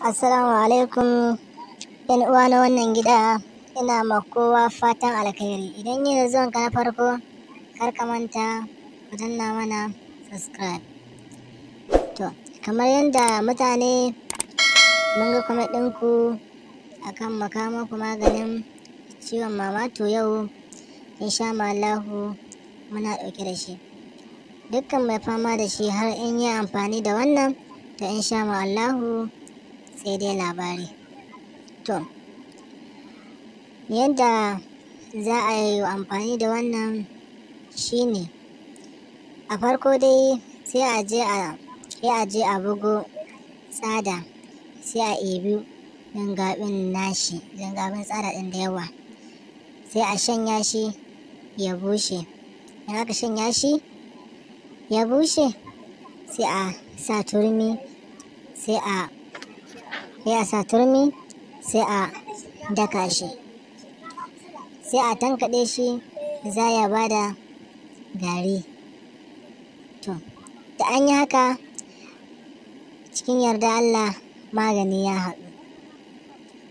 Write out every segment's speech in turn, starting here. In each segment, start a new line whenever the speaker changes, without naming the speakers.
Assalamu alaikum ‘yan uwa na wannan gida ina ma kowa fatan alkhairi idan yin zuwan ka farko kar ka manta ku danna mana subscribe to kamar yadda mutane mun ga kuma ɗinku akan makamanku maganin ciwon mama to yau insha Allahu muna ɗauke da shi dukkan mai fama da shi har in yi amfani da wannan to insha Allahu sai dai labari to yadda za a yi amfani da wannan shi ne a farko dai sai a je a sai a a bugo tsada sai a ibi dangabin nashi dangabin tsada din da yawa sai a shanya shi ya bushe in aka shanya shi ya bushe sai a sa turmi sai a ya sa turmi sai a daka shi sai a tankaɗe shi za ya ba da gari to da an yi haka cikin yarda Allah magani ya haɗu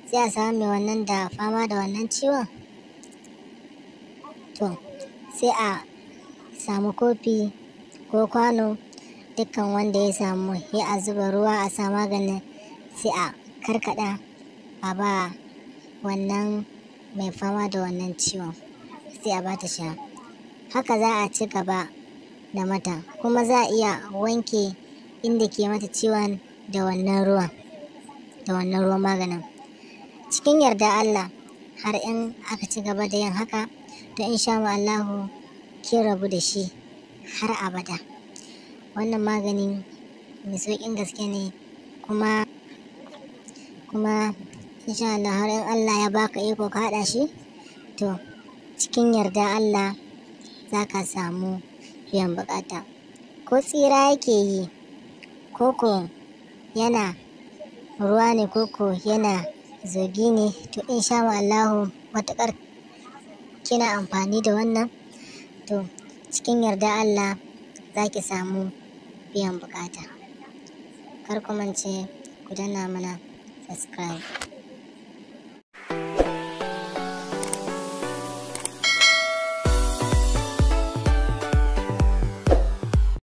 sai a samu wannan da fama da wannan ciwon to sai a samu kofi ko kwano dukkan wanda ya samu ya a zuba ruwa a sa maganin sai a karkada a ba wannan mai fama da wannan ciwon sai a bata sha haka za a ci gaba da mata kuma za a iya wanke inda ke mata ciwon da wannan ruwa da wannan ruwan maganin cikin yarda Allah har in aka ci gaba da yin haka to insha Allahu ki rabu da shi har abada wannan maganin mai sauƙin gaske ne kuma kuma insha Allah har in Allah ya baka iko ka haɗa shi to cikin yarda Allah za ka samu biyan bukata ko tsira yake yi koko yana ruwa ne koko yana zogi ne to insha Allah matuƙar kina amfani da wannan to cikin yarda Allah za ki samu biyan bukata kar ku mance ku danna mana subscribe